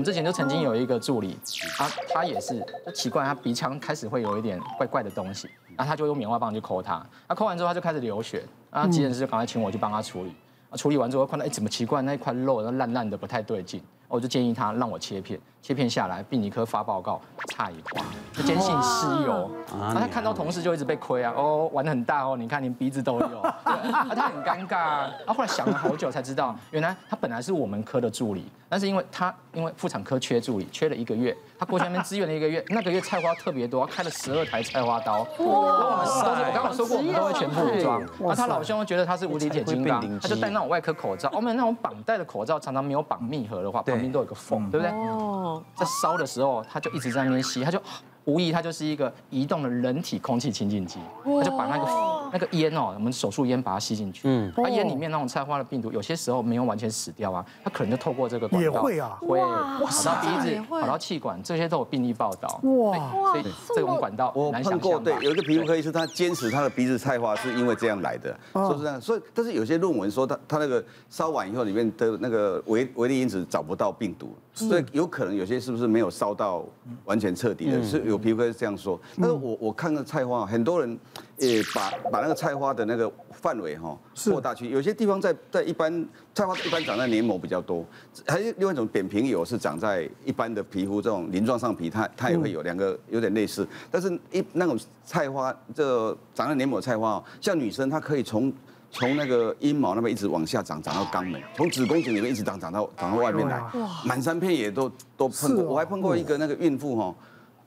我們之前就曾經有一個助理，他他也是就奇怪，他鼻腔開始會有一點怪怪的東西，然後他就用棉花棒去摳他，他摳完之後他就開始流血，啊，急診室就趕快請我去幫他處理，啊、嗯，處理完之後看到哎、欸，怎麼奇怪，那一塊肉都爛爛的不太對勁，我就建議他讓我切片。切片下來，病理科發報告，菜花。他堅信私有、啊、然後他看到同事就一直被虧啊，哦，玩的很大哦，你看連鼻子都有、 啊。他很尷尬，他、啊、後來想了好久才知道，原來他本來是我們科的助理，但是因為他因為婦產科缺助理，缺了一個月，他過去那邊支援了一個月， 那個月菜花特別多，開了十二台菜花刀。哇塞！然後我們都是我剛剛說過，啊、我們都會全副武裝。那他老兄覺得他是無敵鐵金剛，他就戴那種外科口罩，我們那種綁帶的口罩，常常沒有綁密合的話，旁邊都有個縫，對，對不對？嗯在燒的時候，它就一直在那邊吸，它就，無疑它就是一個移動的人體空氣清淨機，它就把那個。那個煙哦，我們手術煙把它吸進去，嗯，它煙裡面那種菜花的病毒，有些時候沒有完全死掉啊，它可能就透過這個管道也會啊，會跑到鼻子，跑到氣管，這些都有病例報道。哇，哇，這個我們管道我碰過，對，有一個皮膚科醫生他堅持他的鼻子菜花是因為這樣來的。哦，就是，是這樣，所以但是有些論文說他他那個燒完以後裡面的那個維維粒因子找不到病毒，所以有可能有些是不是沒有燒到完全徹底的，是有皮膚科是這樣說，但是我我看到菜花很多人。呃，把把那個菜花的那個範圍哈、哦、擴大去，有些地方在在一般菜花一般長在黏膜比較多，還有另外一種扁平疣有是長在一般的皮膚這種鱗狀上皮，它它也會有、嗯、兩個有點類似，但是一那種菜花這個、長在黏膜菜花哦，像女生她可以從從那個陰毛那邊一直往下長長到肛門，從子宮頸裡面一直長長到長到外面來，哇，滿山遍野都都碰過、哦，我還碰過一個那個孕婦哈、哦，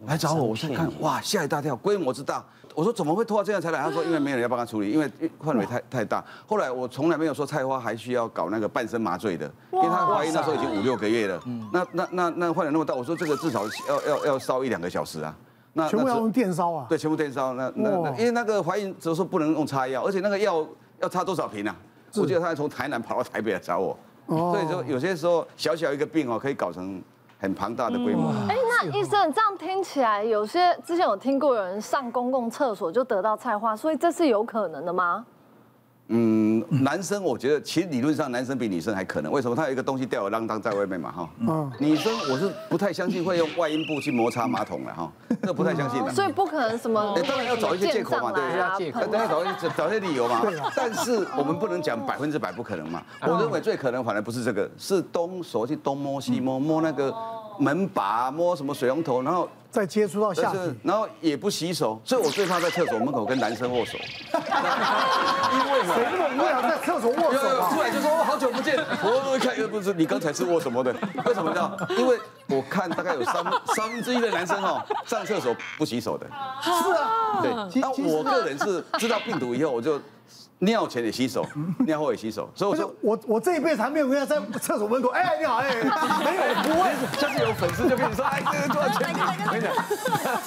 來找我，我去看，哇，嚇一大跳，規模之大。我說怎麼會拖到這樣才來？嗯、他說因為沒有人要幫他處理，因為範圍太太大。後來我從來沒有說菜花還需要搞那個半身麻醉的，因為他懷孕那時候已經五六個月了。嗯，那那那那患者那,那麼大，我說這個至少要要要燒一兩個小時啊那。全部要用電燒啊？對，全部電燒。那那那,那因為那個懷孕只是不能用擦藥，而且那個藥要擦多少瓶啊？我記得他從台南跑到台北來找我、哦，所以說有些時候小小一個病哦，可以搞成很龐大的規模。嗯醫生，你這樣聽起來有些之前有聽過有人上公共廁所就得到菜花，所以這是有可能的嗎？嗯，男生我覺得其實理論上男生比女生還可能，為什麼？他有一個東西吊兒郎當在外面嘛哈。嗯。女生我是不太相信會用外陰部去摩擦馬桶了哈，那不太相信、嗯。所以不可能什麼？當、嗯、然、欸、要找一些借口嘛，啊、對,對，要找一些找一些理由嘛。啊、但是我們不能講百分之百不可能嘛。我認為最可能反而不是這個，是東熟悉東摸西摸摸那個。哦門把、啊、摸什麼水龍頭，然後再接觸到下身，然後也不洗手，所以我最怕在廁所門口跟男生握手。 因為嘛，誰會想、啊、在廁所握手啊有有有？出來就說好久不見。我都會會看，又不是你剛才是握什麼的？為什麼這樣？因為我看大概有三三分之一的男生哦，上廁所不洗手的。是啊，對。那我個人是知道病毒以後，我就。尿前也洗手，尿後也洗手，所以我說我我這一輩子還沒有沒有在廁所門口哎你好哎，沒有不會，下、就、次、是、有粉絲就跟你說哎，這個多少錢，我跟你講，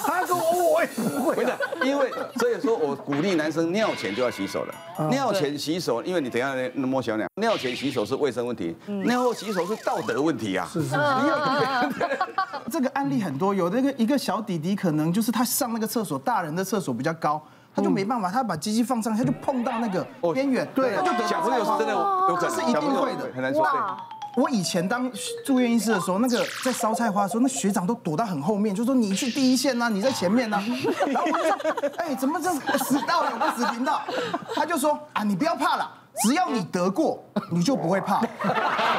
他說我我也不會、啊，我跟你講，因為所以說我鼓勵男生尿前就要洗手了，尿前洗手，因為你等一下能摸小鳥，尿前洗手是衛生問題、嗯，尿後洗手是道德問題啊，是是，是、啊啊，這個案例很多，有那個一個小弟弟可能就是他上那個廁所，大人的廁所比較高。他就沒辦法，他把機器放上，他就碰到那個邊緣，哦、對，他就得了。不是有真的有可能是一定會的，很，會很難說。我以前當住院醫師的時候，那個在燒菜花的時候，那學長都躲到很後面，就說，你去第一線啊，你在前面啊。 哎，怎麼這死道友不死貧道？他就說啊，你不要怕了，只要你得過，你就不會怕。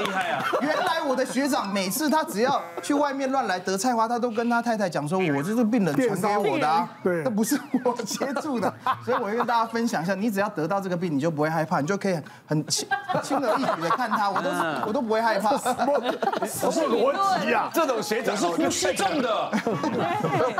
厲害啊！原來我的學長每次他只要去外面亂來得菜花，他都跟他太太講說：“我這是病人傳給我的、啊，對，那不是我接觸的。”所以我會跟大家分享一下，你只要得到這個病，你就不會害怕，你就可以很輕輕而易舉的看他，我都是、嗯、我都不會害怕。什麼邏輯呀？這種學長是不正常的。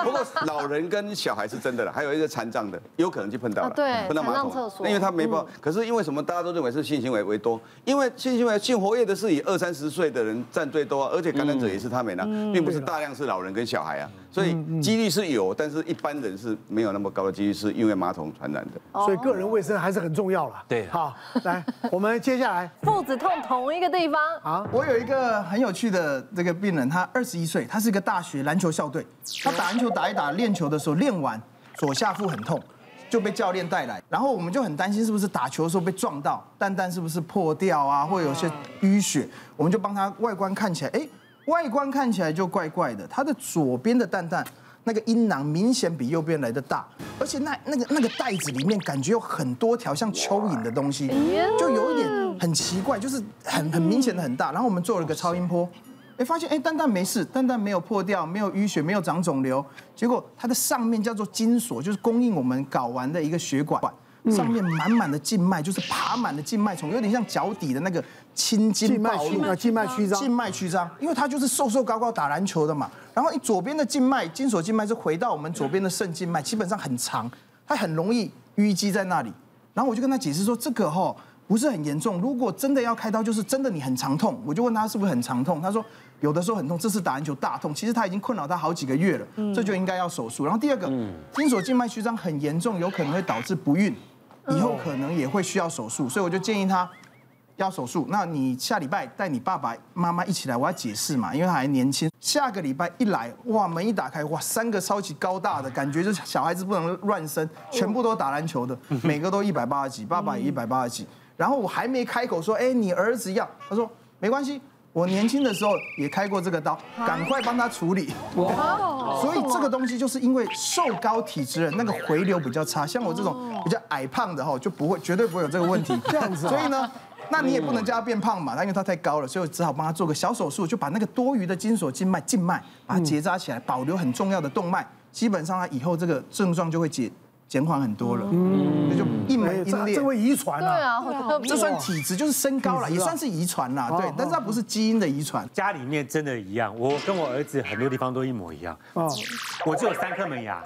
不過老人跟小孩是真的了，還有一個殘障的，有可能就碰到了，啊、對。碰到馬桶，因為他沒辦法、嗯。可是因為什麼？大家都認為是性行為為多，因為性行為性活躍的是。是以二三十歲的人佔最多啊，而且感染者也是他們啦，並不是大量是老人跟小孩啊，所以幾率是有，但是一般人是沒有那麼高的幾率是因為馬桶傳染的，所以個人衛生還是很重要啦。對，好，來，我們接下來肚子痛同一個地方啊。我有一個很有趣的這個病人，他二十一歲，他是一個大學籃球校隊，他打籃球打一打練球的時候，練完左下腹很痛。就被教練帶來，然後我們就很擔心，是不是打球的時候被撞到，蛋蛋是不是破掉啊，或有些淤血，我們就幫他外觀看起來，哎，外觀看起來就怪怪的，他的左邊的蛋蛋那個陰囊明顯比右邊來得大，而且那那個那個袋子裡面感覺有很多條像蚯蚓的東西，就有一點很奇怪，就是很很明顯的很大，然後我們做了一個超音波。哎、欸，發現哎、欸，蛋蛋沒事，蛋蛋沒有破掉，沒有淤血，沒有長腫瘤。結果它的上面叫做精索，就是供應我們睾丸的一個血管，嗯、上面滿滿的靜脈，就是爬滿了靜脈叢，從有點像腳底的那個青筋暴露。靜脈曲張，靜脈曲張。因為它就是瘦瘦高高打籃球的嘛，然後你左邊的靜脈，精索靜脈是回到我們左邊的腎靜脈，基本上很長，它很容易淤積在那裡。然後我就跟他解釋說，這個哈、哦。不是很嚴重，如果真的要開刀，就是真的你很常痛，我就問他是不是很常痛，他說有的時候很痛，這次打籃球大痛，其實他已經困擾他好幾個月了，這、嗯、就應該要手術。然後第二個，精、嗯、索靜脈曲張很嚴重，有可能會導致不孕，以後可能也會需要手術，所以我就建議他要手術。那你下禮拜帶你爸爸媽媽一起來，我要解釋嘛，因為他還年輕。下個禮拜一來，哇，門一打開，哇，三個超級高大的，感覺就是小孩子不能亂生，全部都打籃球的，每個都一百八十幾，爸爸也一百八十幾。嗯嗯然後我還沒開口說，哎，你兒子要？他說沒關係，我年輕的時候也開過這個刀，趕快幫他處理。哇！所以這個東西就是因為瘦高體質的那個回流比較差，像我這種比較矮胖的哈，就不會，絕對不會有這個問題。這樣子， 所以呢，那你也不能叫他變胖嘛，他因為他太高了，所以我只好幫他做個小手術，就把那個多餘的精索靜脈靜脈把它結紮起來，保留很重要的動脈，基本上他以後這個症狀就會解。減緩很多了，嗯，那就一模一樣，這會遺、啊啊哦啊、遺傳啊？對啊，這算體質，就是身高了，也算是遺傳了。對。但是它不是基因的遺傳，家裡面真的一樣，我跟我兒子很多地方都一模一樣。哦，我只有三顆門牙，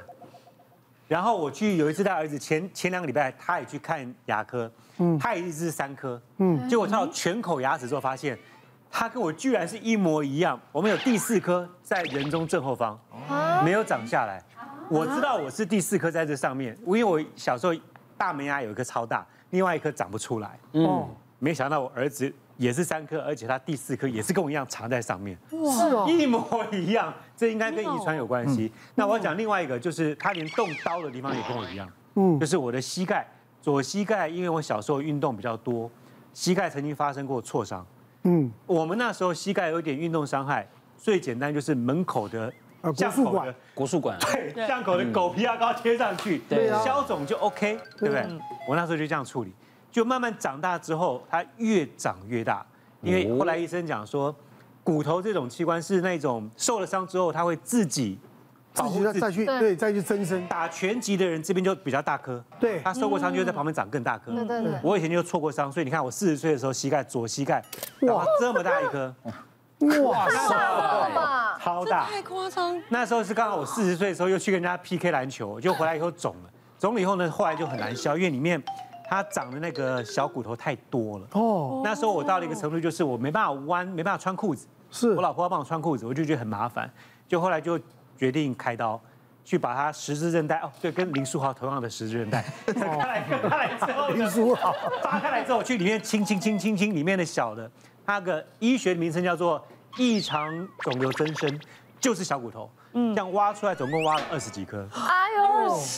然後我去有一次帶兒子，前前兩個禮拜他也去看牙科，嗯，他也一直是三顆，嗯，結果看到全口牙齒之後，發現他跟我居然是一模一樣，我們有第四顆在人中正後方，沒有長下來。我知道我是第四顆在這上面，因為我小時候大門牙有一顆超大，另外一顆長不出來。嗯，沒想到我兒子也是三顆，而且他第四顆也是跟我一樣藏在上面。哇，是哦，一模一樣，這應該跟遺傳有關係。那我要講另外一個，就是他連動刀的地方也跟我一樣。嗯，就是我的膝蓋，左膝蓋，因為我小時候運動比較多，膝蓋曾經發生過挫傷。嗯，我們那時候膝蓋有點運動傷害，最簡單就是門口的。國術館，國術館，對像狗的狗皮啊，藥貼上去，消腫就 OK，對不對？我那時候就這樣處理，就慢慢長大之後，它越長越大，因為後來醫生講說，骨頭這種器官是那種受了傷之後，它會自己，自己自己再去對再去增生，生。打拳擊的人這邊就比較大顆，對他受過傷就會在旁邊長更大顆。我以前就挫過傷，所以你看我四十歲的時候，膝蓋左膝蓋哇這麼大一顆。哇，太大了吧，超大，超大太誇張。那時候是剛好我四十歲的時候，又去跟人家 PK 籃球，就回來以後腫了，腫了以後呢，後來就很難消，因為裡面它長的那個小骨頭太多了。哦。那時候我到了一個程度，就是我沒辦法彎，沒辦法穿褲子。是。我老婆要幫我穿褲子，我就覺得很麻煩，就後來就決定開刀，去把它十字韌帶，哦，對，跟林書豪同樣的十字韌帶，拆、哦、 來拆來之後，林書豪，拆開來之後去裡面清清,清清清清清裡面的小的。他、那、的、個、醫學名稱叫做異常腫瘤增生，就是小骨頭。嗯，像挖出來總共挖了二十幾顆。哎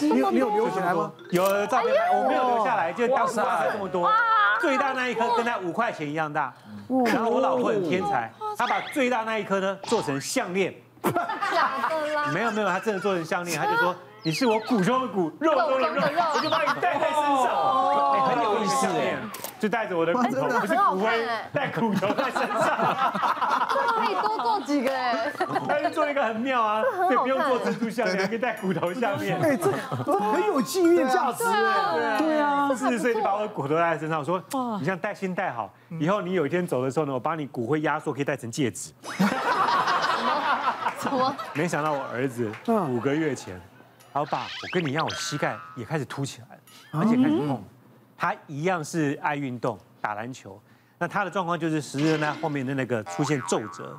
呦，沒有你有，你有留下來嗎？有照片拍，我沒有留下來，就當時挖出這麼多，最大那一顆跟他五塊錢一樣大。然後我老婆很天才，她把最大那一顆呢做成項鏈。 假的啦？沒有沒有，她真的做成項鏈，她、啊、就說，你是我骨中的骨肉中的肉，肉中的肉，我就把你戴在身上，哦欸、很有意思哎。就帶着我的骨頭，不、欸、是骨灰，帶骨頭在身上。哈，可以多做幾個，哎，可以做一個很妙啊，就不用做珍珠項鏈，可以戴骨頭下面。哎、欸，這很有紀念價值。對啊，四十歲你把我的骨頭戴在身上，我說，你像帶心帶好，以後你有一天走的時候呢，我把你骨灰壓縮可以戴成戒指。什麼？什麼？沒想到我兒子五個月前，老爸，我跟你一樣，我膝蓋也開始凸起來，而且開始痛。嗯他一樣是愛運動，打籃球。那他的狀況就是實際上呢，後面的那個出現皺褶，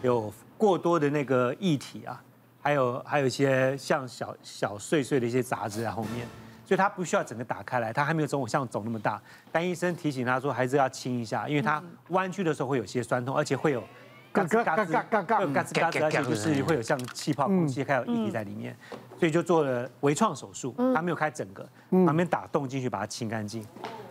有過多的那個液體啊，還有還有一些像小小碎碎的一些雜質在後面，所以他不需要整個打開來，他還沒有我像腫那麼大。但醫生提醒他說，還是要清一下，因為他彎曲的時候會有些酸痛，而且會有。嘎吱嘎吱嘎嘎，就是會有像氣泡、空氣還有液體在裡面，所以就做了微創手術，他沒有開整個，旁邊打洞進去把它清乾淨。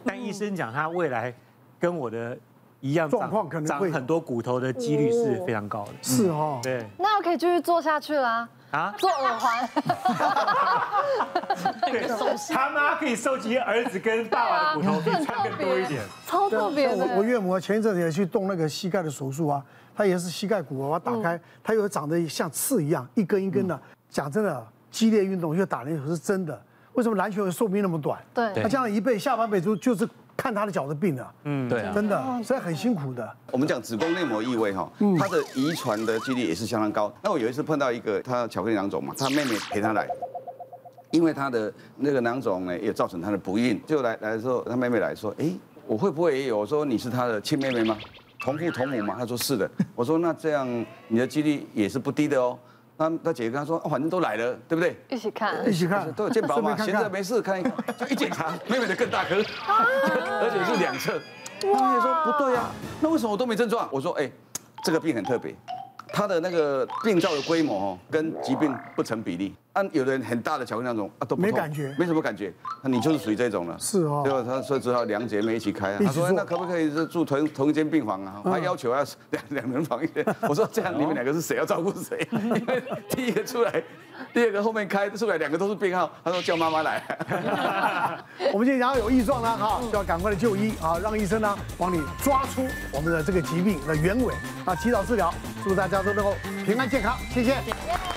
但醫生講他未來跟我的一樣，狀況可能長很多骨頭的幾率是非常高的、嗯。哦、是哦，對。那我可以繼續做下去啦、啊，啊，做耳環。哈哈哈他媽可以收集兒子跟爸爸的骨頭，更 多一點，超特別、欸。我岳母前一陣子也去動那個膝蓋的手術啊。他也是膝蓋骨，我要打開，他、嗯、又長得像刺一樣，一根一根的。嗯、講真的，激烈運動又打籃球是真的。為什麼籃球的壽命那麼短？對，他將來一輩下半輩子就是看他的腳的病了、啊。嗯，對、啊，真的，所以很辛苦的。嗯、我們講子宮內膜異位哈，他的遺傳的幾率也是相當高。那我有一次碰到一個，他巧克力囊腫嘛，他妹妹陪他來，因為他的那個囊腫呢，也造成他的不孕，就來來的時候，他妹妹來說，哎、欸，我會不會也有？我說你是他的親妹妹嗎？同父同母嘛，他說是的，我說那這樣你的幾率也是不低的哦。那。那那姐姐跟他說啊，反正都來了，對不對？一起看，一起看，都有健保嘛，閒着沒事看，一看，就一檢查，妹妹的更大顆，而且是兩側。我也說不對呀、啊，那為什麼我都沒症狀？我說哎，這個病很特別，它的那個病灶的規模哦，跟疾病不成比例。但有的人很大的巧克力那種啊都不痛，沒感覺，沒什麼感覺。那你就是屬於這種了。是哦。最後他說只好兩姐妹一起開啊。他說那可不可以是住同同一間病房啊、嗯？他要求要兩兩人房一間。我說這樣、哦、你們兩個是誰要照顧誰？因為第一個出來， 第二個後面開出來，兩個都是病號。他說叫媽媽來。 我們今天如果有異狀了，哈，就要趕快的就醫啊，讓醫生呢幫你抓出我們的這個疾病的原委啊，提早治療。祝大家都能夠平安健康，謝謝。謝謝